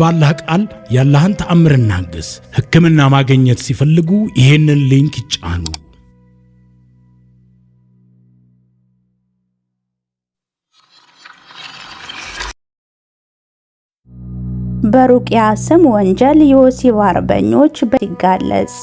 ባላህ ቃል ያላህን ተአምር እናግስ። ሕክምና ማግኘት ሲፈልጉ ይሄንን ሊንክ ይጫኑ። በሩቅያ ስም ወንጀል የወሲብ አርበኞች ሲጋለጽ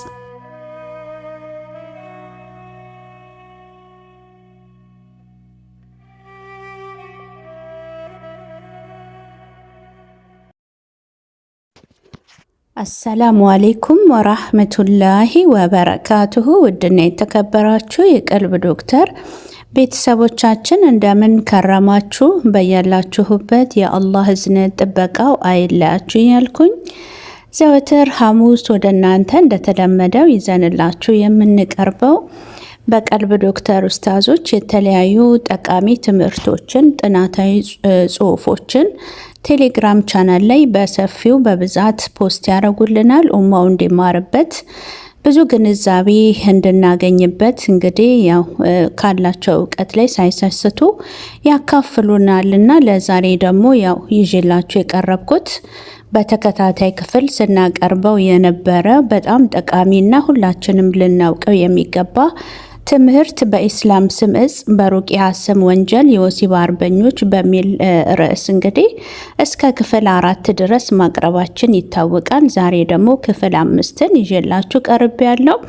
አሰላሙ አሌይኩም ወራህመቱላሂ ወበረካቱሁ። ውድና የተከበራችሁ የቀልብ ዶክተር ቤተሰቦቻችን እንደምን ከረማችሁ? በያላችሁበት የአላህ እዝነት ጥበቃው አይለያችሁ እያልኩኝ ዘወትር ሐሙስ ወደ እናንተ እንደተለመደው ይዘንላችሁ የምንቀርበው በቀልብ ዶክተር ኡስታዞች የተለያዩ ጠቃሚ ትምህርቶችን፣ ጥናታዊ ጽሁፎችን ቴሌግራም ቻናል ላይ በሰፊው በብዛት ፖስት ያደርጉልናል። ኡማው እንዲማርበት ብዙ ግንዛቤ እንድናገኝበት እንግዲህ ያው ካላቸው እውቀት ላይ ሳይሰስቱ ያካፍሉናል እና ለዛሬ ደግሞ ያው ይዤላችሁ የቀረብኩት በተከታታይ ክፍል ስናቀርበው የነበረ በጣም ጠቃሚ እና ሁላችንም ልናውቀው የሚገባ ትምህርት በኢስላም ስም እጽ በሩቅያ ስም ወንጀል የወሲብ አርበኞች በሚል ርዕስ እንግዲህ እስከ ክፍል አራት ድረስ ማቅረባችን ይታወቃል። ዛሬ ደግሞ ክፍል አምስትን ይዤላችሁ ቀርቤ ያለው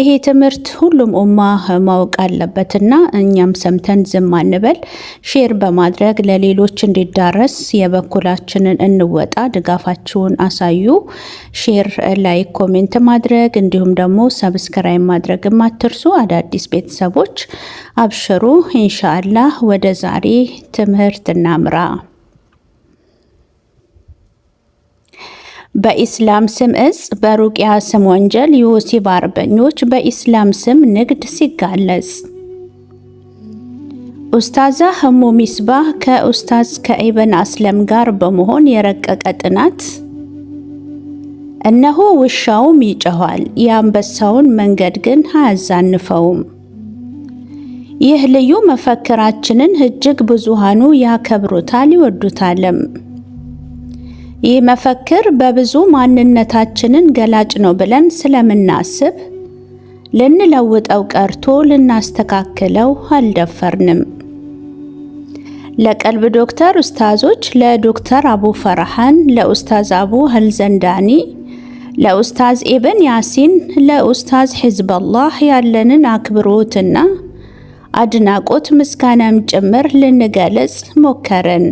ይሄ ትምህርት ሁሉም ኡማ ማወቅ አለበትና እኛም ሰምተን ዝም አንበል። ሼር በማድረግ ለሌሎች እንዲዳረስ የበኩላችንን እንወጣ። ድጋፋችሁን አሳዩ። ሼር፣ ላይክ፣ ኮሜንት ማድረግ እንዲሁም ደግሞ ሰብስክራይብ ማድረግ ማትርሱ አዳዲስ ቤተሰቦች አብሽሩ። ኢንሻአላህ ወደ ዛሬ ትምህርት እናምራ። በኢስላም ስም እጽ በሩቅያ ስም ወንጀል የወሲብ አርበኞች በኢስላም ስም ንግድ ሲጋለጽ። ኡስታዛ ህሙ ሚስባህ ከኡስታዝ ከኢብን አስለም ጋር በመሆን የረቀቀ ጥናት። እነሆ ውሻውም ይጮኋል፣ የአንበሳውን መንገድ ግን አያዛንፈውም። ይህ ልዩ መፈክራችንን እጅግ ብዙሃኑ ያከብሩታል ይወዱታልም። ይህ መፈክር በብዙ ማንነታችንን ገላጭ ነው ብለን ስለምናስብ ልንለውጠው ቀርቶ ልናስተካክለው አልደፈርንም። ለቀልብ ዶክተር ኡስታዞች ለዶክተር አቡ ፈርሃን፣ ለኡስታዝ አቡ ሀልዘንዳኒ፣ ለኡስታዝ ኢብን ያሲን፣ ለኡስታዝ ሒዝበላህ ያለንን አክብሮትና አድናቆት ምስጋናም ጭምር ልንገለጽ ሞከርን።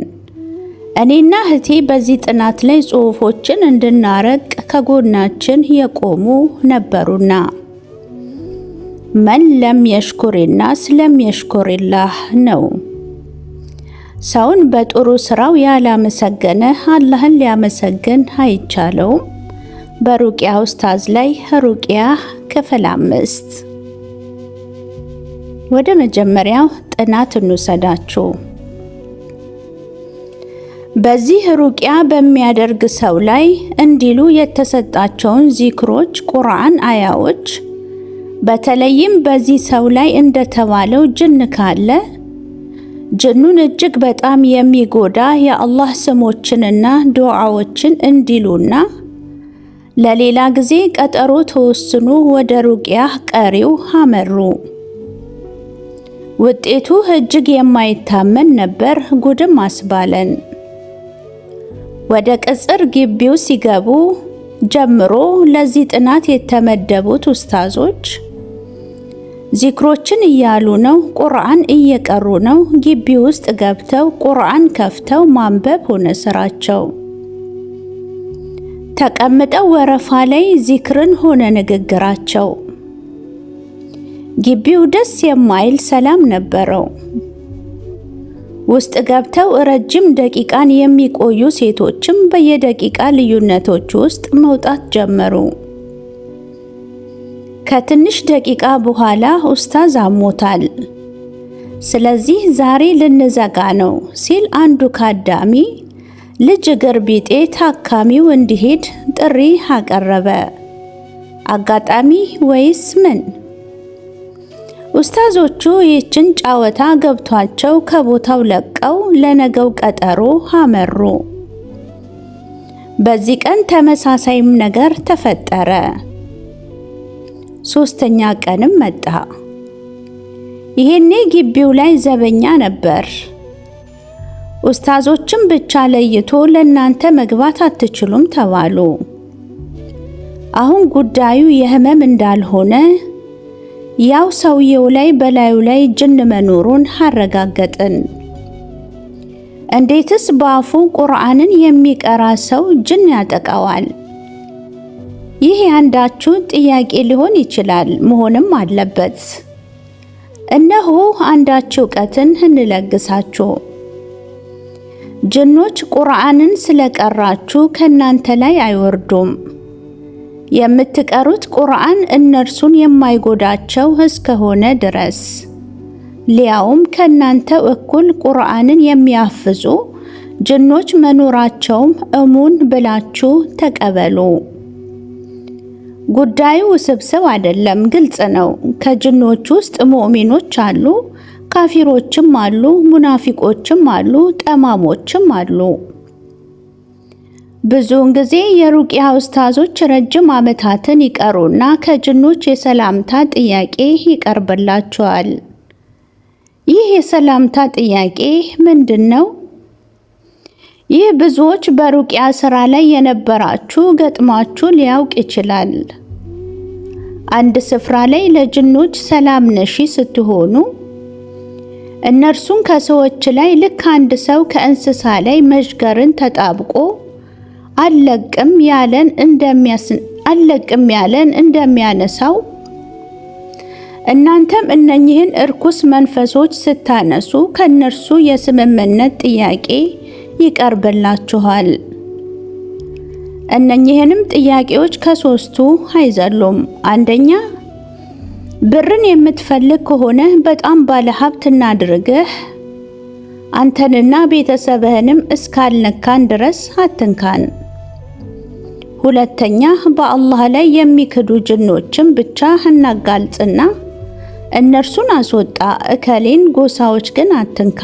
እኔና እህቴ በዚህ ጥናት ላይ ጽሑፎችን እንድናረቅ ከጎናችን የቆሙ ነበሩና መን ለም ለም የሽኩር የሽኩሪላህ ነው። ሰውን በጥሩ ስራው ያላመሰገነ አላህን ሊያመሰግን አይቻለውም። በሩቅያ ኡስታዝ ላይ ሩቅያ ክፍል አምስት ወደ መጀመሪያው ጥናት እንውሰዳችሁ። በዚህ ሩቅያ በሚያደርግ ሰው ላይ እንዲሉ የተሰጣቸውን ዚክሮች ቁርአን አያዎች በተለይም በዚህ ሰው ላይ እንደተባለው ጅን ካለ ጅኑን እጅግ በጣም የሚጎዳ የአላህ ስሞችንና ዱዓዎችን እንዲሉና ለሌላ ጊዜ ቀጠሮ ተወስኑ ወደ ሩቅያህ ቀሪው አመሩ። ውጤቱ እጅግ የማይታመን ነበር፣ ጉድም አስባለን። ወደ ቅጽር ግቢው ሲገቡ ጀምሮ ለዚህ ጥናት የተመደቡት ኡስታዞች ዚክሮችን እያሉ ነው፣ ቁርአን እየቀሩ ነው። ግቢ ውስጥ ገብተው ቁርአን ከፍተው ማንበብ ሆነ ስራቸው። ተቀምጠው ወረፋ ላይ ዚክርን ሆነ ንግግራቸው። ግቢው ደስ የማይል ሰላም ነበረው። ውስጥ ገብተው ረጅም ደቂቃን የሚቆዩ ሴቶችም በየደቂቃ ልዩነቶች ውስጥ መውጣት ጀመሩ። ከትንሽ ደቂቃ በኋላ ኡስታዝ አሞታል፣ ስለዚህ ዛሬ ልንዘጋ ነው ሲል አንዱ ካዳሚ ልጅ እግር ቢጤ ታካሚው እንዲሄድ ጥሪ አቀረበ። አጋጣሚ ወይስ ምን? ኡስታዞቹ ይህችን ጫወታ ገብቷቸው ከቦታው ለቀው ለነገው ቀጠሮ አመሩ። በዚህ ቀን ተመሳሳይም ነገር ተፈጠረ። ሶስተኛ ቀንም መጣ። ይሄኔ ግቢው ላይ ዘበኛ ነበር። ኡስታዞችም ብቻ ለይቶ ለእናንተ መግባት አትችሉም ተባሉ። አሁን ጉዳዩ የህመም እንዳልሆነ ያው ሰውየው ላይ በላዩ ላይ ጅን መኖሩን አረጋገጥን። እንዴትስ በአፉ ቁርአንን የሚቀራ ሰው ጅን ያጠቃዋል? ይህ ያንዳችሁ ጥያቄ ሊሆን ይችላል፣ መሆንም አለበት። እነሆ አንዳች እውቀትን እንለግሳችሁ። ጅኖች ቁርአንን ስለቀራችሁ ከእናንተ ላይ አይወርዱም። የምትቀሩት ቁርአን እነርሱን የማይጎዳቸው እስከሆነ ድረስ ሊያውም ከእናንተ እኩል ቁርአንን የሚያፍዙ ጅኖች መኖራቸውም እሙን ብላችሁ ተቀበሉ። ጉዳዩ ውስብስብ አይደለም፣ ግልጽ ነው። ከጅኖች ውስጥ ሙእሚኖች አሉ፣ ካፊሮችም አሉ፣ ሙናፊቆችም አሉ፣ ጠማሞችም አሉ። ብዙውን ጊዜ የሩቅያ ኡስታዞች ረጅም ዓመታትን ይቀሩና ከጅኖች የሰላምታ ጥያቄ ይቀርብላቸዋል። ይህ የሰላምታ ጥያቄ ምንድን ነው? ይህ ብዙዎች በሩቅያ ስራ ላይ የነበራችሁ ገጥማችሁ ሊያውቅ ይችላል። አንድ ስፍራ ላይ ለጅኖች ሰላም ነሺ ስትሆኑ እነርሱን ከሰዎች ላይ ልክ አንድ ሰው ከእንስሳ ላይ መዥገርን ተጣብቆ አለቅም ያለን እንደሚያስን አለቅም ያለን እንደሚያነሳው እናንተም እነኚህን እርኩስ መንፈሶች ስታነሱ ከነርሱ የስምምነት ጥያቄ ይቀርብላችኋል። እነኚህንም ጥያቄዎች ከሶስቱ አይዘሉም። አንደኛ ብርን የምትፈልግ ከሆነ በጣም ባለሀብት እናድርግህ፣ አንተንና ቤተሰብህንም እስካልነካን ድረስ አትንካን። ሁለተኛ በአላህ ላይ የሚክዱ ጅኖችን ብቻ እናጋልጽና እነርሱን አስወጣ፣ እከሌን ጎሳዎች ግን አትንካ።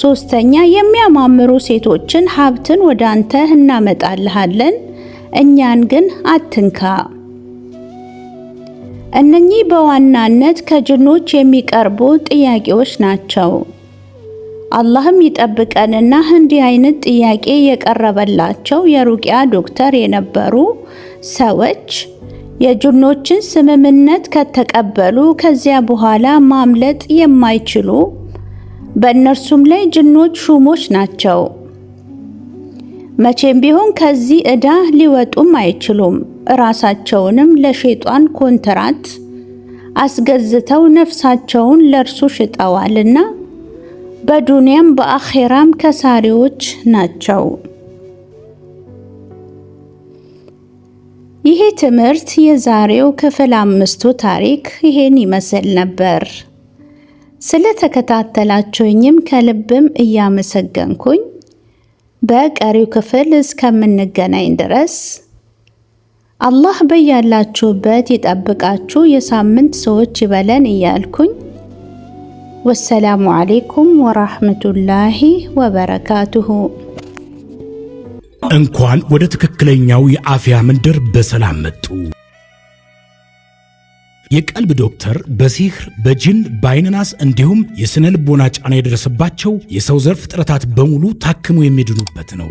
ሶስተኛ የሚያማምሩ ሴቶችን ሀብትን ወደ አንተ እናመጣልሃለን፣ እኛን ግን አትንካ። እነኚህ በዋናነት ከጅኖች የሚቀርቡ ጥያቄዎች ናቸው። አላህም ይጠብቀንና እንዲህ አይነት ጥያቄ የቀረበላቸው የሩቅያ ዶክተር የነበሩ ሰዎች የጅኖችን ስምምነት ከተቀበሉ ከዚያ በኋላ ማምለጥ የማይችሉ በእነርሱም ላይ ጅኖች ሹሞች ናቸው። መቼም ቢሆን ከዚህ ዕዳ ሊወጡም አይችሉም። ራሳቸውንም ለሼጧን ኮንትራት አስገዝተው ነፍሳቸውን ለእርሱ ሽጠዋልና በዱንያም በአኼራም ከሳሪዎች ናቸው። ይሄ ትምህርት የዛሬው ክፍል አምስቱ ታሪክ ይሄን ይመስል ነበር። ስለተከታተላችሁኝም ከልብም እያመሰገንኩኝ በቀሪው ክፍል እስከምንገናኝ ድረስ አላህ በያላችሁበት ይጠብቃችሁ፣ የሳምንት ሰዎች ይበለን እያልኩኝ ወሰላሙ አሌይኩም ወራህመቱላሂ ወበረካቱሁ። እንኳን ወደ ትክክለኛው የአፍያ መንደር በሰላም መጡ። የቀልብ ዶክተር በሲህር በጅን በአይነናስ እንዲሁም የስነ ልቦና ጫና የደረሰባቸው የሰው ዘር ፍጥረታት በሙሉ ታክሞ የሚድኑበት ነው።